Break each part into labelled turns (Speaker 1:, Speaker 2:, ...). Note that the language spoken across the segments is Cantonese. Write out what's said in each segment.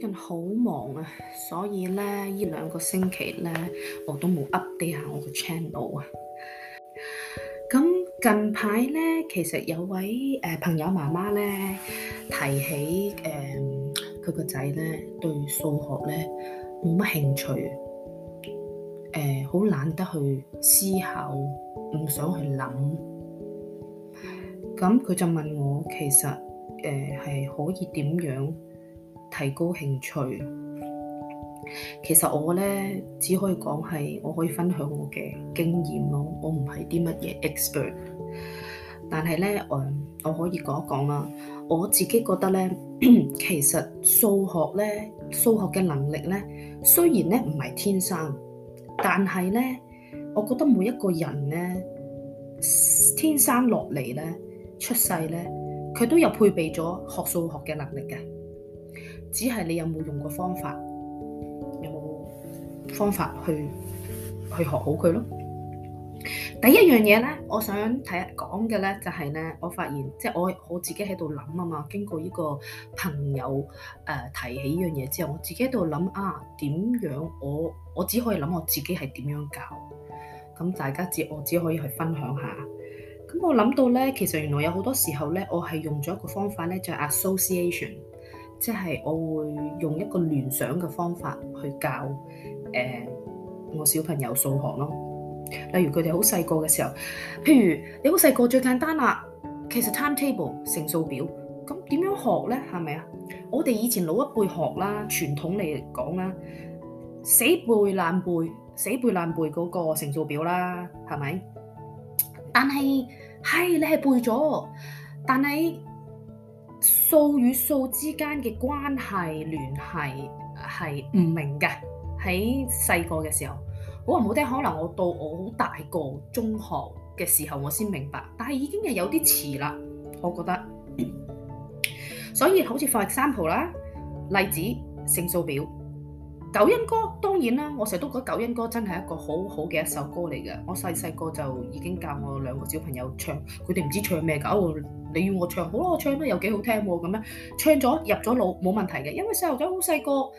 Speaker 1: 最近好忙啊，所以咧呢這兩個星期咧，我都冇 update 下我個 channel 啊。咁近排咧，其實有位誒、呃、朋友媽媽咧提起誒佢個仔咧對數學咧冇乜興趣，誒、呃、好懶得去思考，唔想去諗。咁佢就問我，其實誒係、呃、可以點樣提高興趣，其實我咧只可以講係，我可以分享我嘅經驗咯。我唔係啲乜嘢 expert，但係咧，誒，我可以講一講啦。我自己覺得咧， 其實數學咧，數學嘅能力咧，雖然咧唔係天生，但係咧，我覺得每一個人咧，天生落嚟咧，出世咧，佢都有配備咗學數學嘅能力嘅。只係你有冇用過方法，有冇方法去去學好佢咯？第一樣嘢咧，我想睇吓講嘅咧，就係、是、咧，我發現即係我我自己喺度諗啊嘛。經過呢個朋友誒、呃、提起呢樣嘢之後，我自己喺度諗啊，點樣我我只可以諗我自己係點樣搞。咁大家只我只可以去分享下。咁我諗到咧，其實原來有好多時候咧，我係用咗一個方法咧，就係、是、association。即係我會用一個聯想嘅方法去教誒我小朋友數學咯。例如佢哋好細個嘅時候，譬如你好細個最簡單啦，其實 timetable，乘數表，咁點樣學咧？係咪啊？我哋以前老一輩學啦，傳統嚟講啦，死背爛背，死背爛背嗰個乘數表啦，係咪？但係係你係背咗，但係。數與數之間嘅關係聯繫係唔明嘅。喺細個嘅時候，好話唔好聽，可能我到我好大個中學嘅時候，我先明白，但係已經係有啲遲啦，我覺得。所以好似 for example 啦，例子乘數表。九音歌當然啦，我成日都覺得九音歌真係一個好好嘅一首歌嚟嘅。我細細個就已經教我兩個小朋友唱，佢哋唔知唱咩搞我。你要我唱好咯，我唱啦又幾好聽咁樣，唱咗入咗腦冇問題嘅。因為細路仔好細個，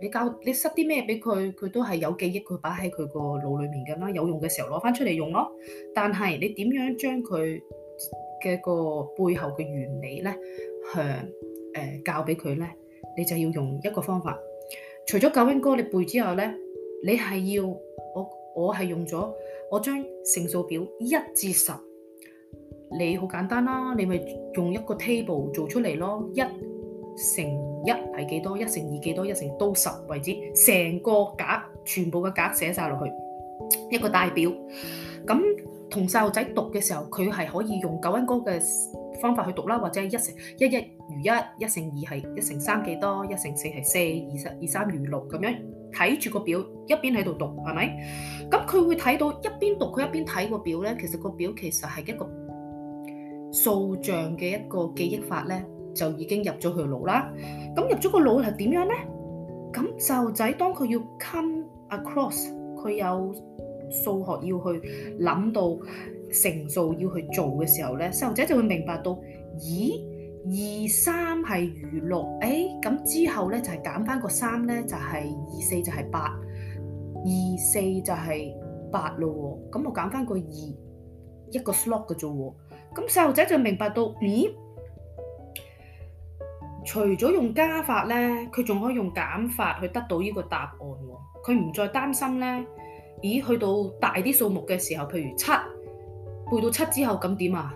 Speaker 1: 你教你塞啲咩俾佢，佢都係有記憶，佢擺喺佢個腦裡面㗎啦。有用嘅時候攞翻出嚟用咯。但係你點樣將佢嘅個背後嘅原理咧，誒誒教俾佢咧，你就要用一個方法。除咗九因歌你背之後咧，你係要我我係用咗我將乘數表一至十，你好簡單啦，你咪用一個 table 做出嚟咯，一乘一係幾多，一乘二幾多，一乘到十為止，成個格全部嘅格寫晒落去一個大表，咁同細路仔讀嘅時候，佢係可以用九因歌嘅。方法去讀啦，或者係一乘一一如一，一乘二係一乘三幾多，一乘四係四二十二三如六咁樣，睇住個表一邊喺度讀，係咪？咁佢會睇到一邊讀，佢一邊睇個表咧。其實個表其實係一個數像嘅一個記憶法咧，就已經入咗佢腦啦。咁入咗個腦係點樣咧？咁細路仔當佢要 come across，佢有數學要去諗到。乘數要去做嘅時候咧，細路仔就會明白到，咦二三係如六，誒咁之後咧就係減翻個三咧就係二四就係八，二四就係八咯喎。咁我減翻個二一個 slot 嘅啫喎。咁細路仔就明白到，咦除咗用加法咧，佢仲可以用減法去得到呢個答案喎。佢唔再擔心咧，咦去到大啲數目嘅時候，譬如七。背到七之後咁點啊？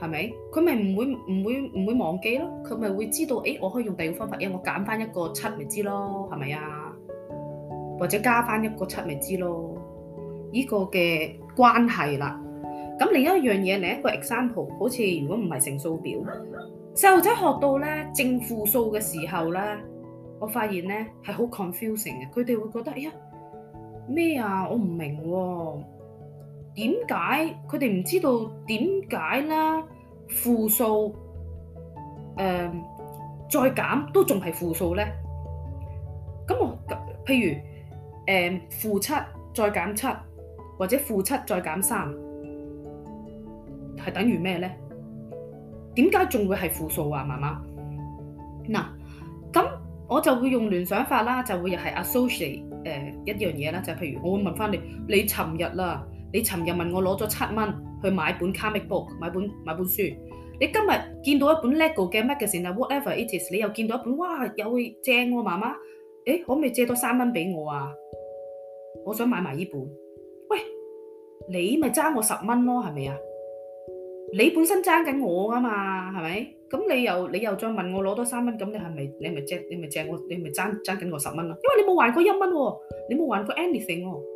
Speaker 1: 係咪？佢咪唔會唔會唔會忘記咯？佢咪會知道，誒、哎，我可以用第二個方法，因為我揀翻一個七，咪知咯，係咪啊？或者加翻一個七，咪知咯？呢、這個嘅關係啦。咁另一樣嘢，另一個 example，好似如果唔係乘數表，細路仔學到咧正負數嘅時候咧，我發現咧係好 confusing 嘅，佢哋會覺得，哎呀，咩啊？我唔明喎。點解佢哋唔知道點解啦？負數誒再減都仲係負數咧。咁我譬如誒負、呃、七再減七，或者負七再減三，係等於咩咧？點解仲會係負數啊？媽媽嗱，咁我就會用聯想法啦，就會又係 associate 誒、呃、一樣嘢啦。就係譬如我會問翻你，你尋日啦。你尋日問我攞咗七蚊去買本 comic book，買本買本書。你今日見到一本 Lego 嘅 magazine whatever it is，你又見到一本哇，又正喎媽媽。誒可唔可以借多三蚊俾我啊？我想買埋呢本。喂，你咪爭我十蚊咯，係咪啊？你本身爭緊我㗎嘛，係咪？咁你又你又再問我攞多三蚊，咁你係咪你係咪借你咪借我，你係咪爭爭緊我十蚊啊？因為你冇還過一蚊喎，你冇還過 anything 喎。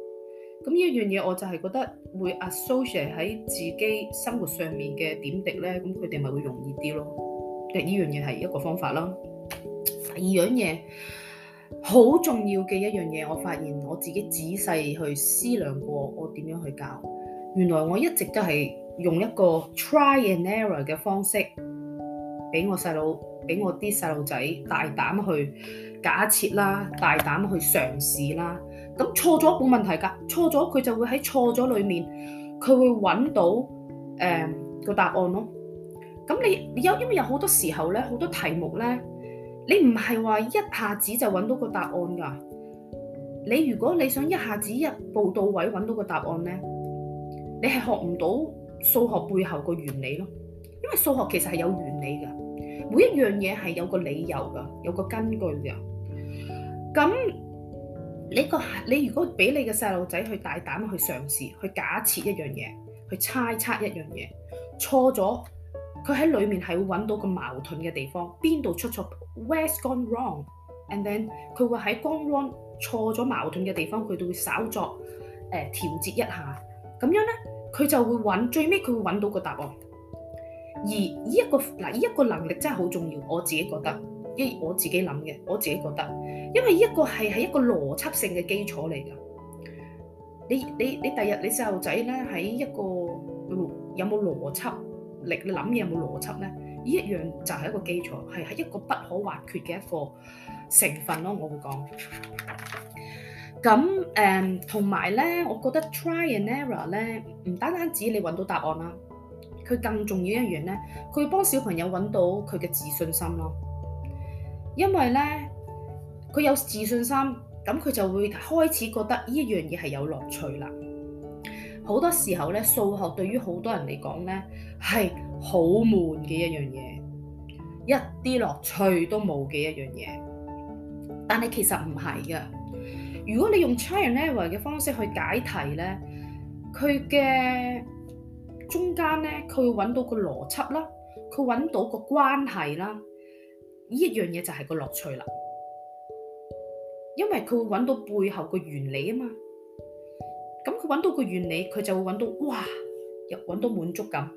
Speaker 1: 咁呢一樣嘢，我就係覺得會 associate 喺自己生活上面嘅點滴呢。咁佢哋咪會容易啲咯。第呢樣嘢係一個方法咯。第二樣嘢好重要嘅一樣嘢，我發現我自己仔細去思量過，我點樣去教？原來我一直都係用一個 try and error 嘅方式，俾我細路，俾我啲細路仔，大膽去假設啦，大膽去嘗試啦。咁錯咗冇問題㗎，錯咗佢就會喺錯咗裡面，佢會揾到誒、呃個答案咯。咁你，你有因為有好多時候呢，好多題目呢，你唔係話一下子就揾到個答案㗎。你如果你想一下子一步到位揾到個答案呢，你係學唔到數學背後個原理咯。因為數學其實係有原理㗎，每一樣嘢係有個理由㗎，有個根據㗎。咁你個你如果俾你嘅細路仔去大膽去嘗試，去假設一樣嘢，去猜測一樣嘢，錯咗佢喺裏面係會揾到個矛盾嘅地方，邊度出錯？Where's gone wrong？And then 佢會喺 gone wrong 錯咗矛盾嘅地方，佢都會稍作誒調節一下，咁樣呢，佢就會揾最尾佢會揾到個答案。而呢一個嗱呢一個能力真係好重要，我自己覺得。我自己諗嘅，我自己覺得，因為呢一個係係一個邏輯性嘅基礎嚟㗎。你你你第日你細路仔咧喺一個有冇邏輯力？你諗嘢有冇邏輯咧？呢一樣就係一個基礎，係係一個不可或缺嘅一個成分咯。我會講咁，誒，同埋咧，我覺得 try and error 咧，唔單單止你揾到答案啦，佢更重要一樣咧，佢幫小朋友揾到佢嘅自信心咯。因為咧，佢有自信心，咁佢就會開始覺得呢一樣嘢係有樂趣啦。好多時候咧，數學對於好多人嚟講咧係好悶嘅一樣嘢，一啲樂趣都冇嘅一樣嘢。但係其實唔係嘅，如果你用 c h a i n e r 嘅方式去解題咧，佢嘅中間咧，佢會揾到個邏輯啦，佢揾到個關係啦。呢一樣嘢就係個樂趣啦，因為佢會揾到背後個原理啊嘛。咁佢揾到個原理，佢就會揾到哇，又揾到滿足感。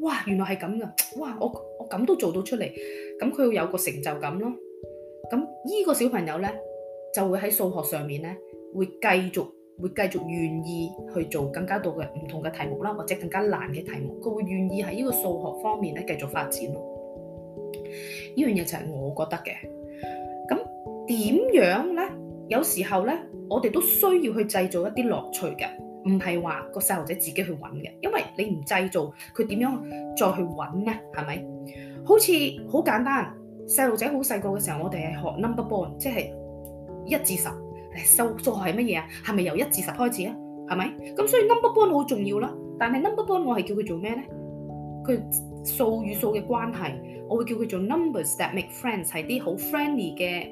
Speaker 1: 哇，原來係咁嘅。哇，我我咁都做到出嚟，咁佢會有個成就感咯。咁呢個小朋友呢，就會喺數學上面呢，會繼續會繼續願意去做更加多嘅唔同嘅題目啦，或者更加難嘅題目，佢會願意喺呢個數學方面呢繼續發展。呢樣嘢就係我覺得嘅，咁點樣咧？有時候咧，我哋都需要去製造一啲樂趣嘅，唔係話個細路仔自己去搵嘅，因為你唔製造，佢點樣再去搵咧？係咪？好似好簡單，細路仔好細個嘅時候，我哋係學 number bond，即係一至十。數數學係乜嘢啊？係咪由一至十開始啊？係咪？咁所以 number bond 好重要啦，但係 number bond 我係叫佢做咩咧？佢。數與數嘅關係，我會叫佢做 numbers that make friends，係啲好 friendly 嘅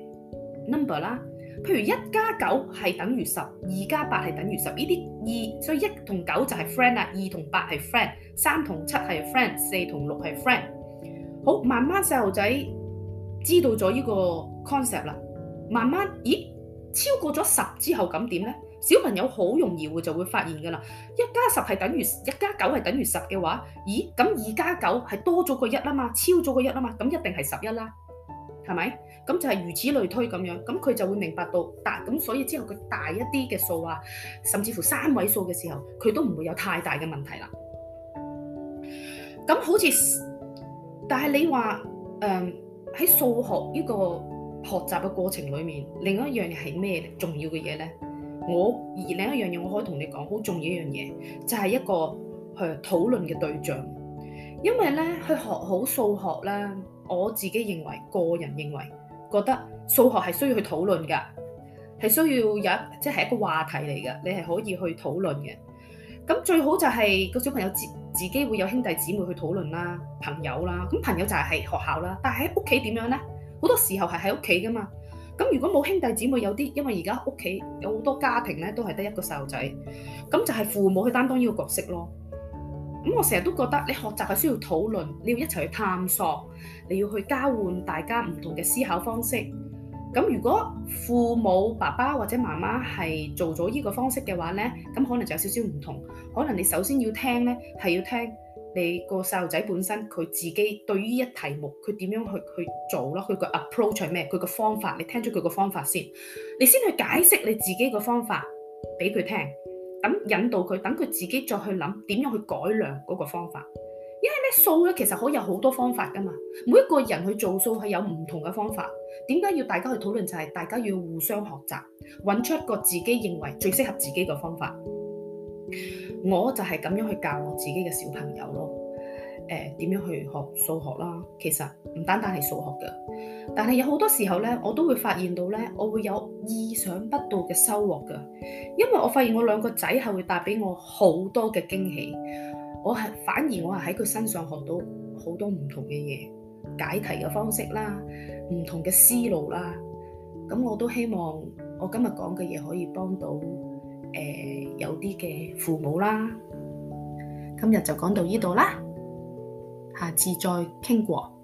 Speaker 1: number 啦。譬如一加九係等於十，二加八係等於十，呢啲二，所以一同九就係 friend 啦，二同八係 friend，三同七係 friend，四同六係 friend。好，慢慢細路仔知道咗呢個 concept 啦，慢慢咦，超過咗十之後咁點呢？小朋友好容易會就會發現㗎啦，一加十係等於一加九係等於十嘅話，咦咁二加九係多咗個一啊嘛，超咗個一啊嘛，咁一定係十一啦，係咪？咁就係如此類推咁樣，咁佢就會明白到大咁，所以之後佢大一啲嘅數啊，甚至乎三位數嘅時候，佢都唔會有太大嘅問題啦。咁好似，但係你話誒喺數學呢個學習嘅過程裡面，另一樣嘢係咩重要嘅嘢咧？我而另一樣嘢，我可以同你講好重要一樣嘢，就係、是、一個去討論嘅對象。因為咧，去學好數學咧，我自己認為個人認為覺得數學係需要去討論㗎，係需要有一即係一個話題嚟㗎，你係可以去討論嘅。咁最好就係、是那個小朋友自己自己會有兄弟姊妹去討論啦，朋友啦。咁朋友就係喺學校啦，但係喺屋企點樣咧？好多時候係喺屋企㗎嘛。咁如果冇兄弟姊妹，有啲因為而家屋企有好多家庭咧，都係得一個細路仔，咁就係父母去擔當呢個角色咯。咁我成日都覺得，你學習係需要討論，你要一齊去探索，你要去交換大家唔同嘅思考方式。咁如果父母爸爸或者媽媽係做咗呢個方式嘅話咧，咁可能就有少少唔同。可能你首先要聽咧，係要聽。你個細路仔本身佢自己對於一題目佢點樣去去做咯？佢個 approach 係咩？佢個方法，你聽咗佢個方法先，你先去解釋你自己個方法俾佢聽，等引導佢，等佢自己再去諗點樣去改良嗰個方法。因為咧，數咧其實可以有好多方法噶嘛，每一個人去做數係有唔同嘅方法。點解要大家去討論？就係大家要互相學習，揾出一個自己認為最適合自己嘅方法。我就係咁樣去教我自己嘅小朋友咯，誒點樣去學數學啦？其實唔單單係數學嘅，但係有好多時候呢，我都會發現到呢，我會有意想不到嘅收穫㗎。因為我發現我兩個仔係會帶俾我好多嘅驚喜，我係反而我係喺佢身上學到好多唔同嘅嘢，解題嘅方式啦，唔同嘅思路啦。咁我都希望我今日講嘅嘢可以幫到。誒、呃，有啲嘅父母啦，今日就講到呢度啦，下次再傾過。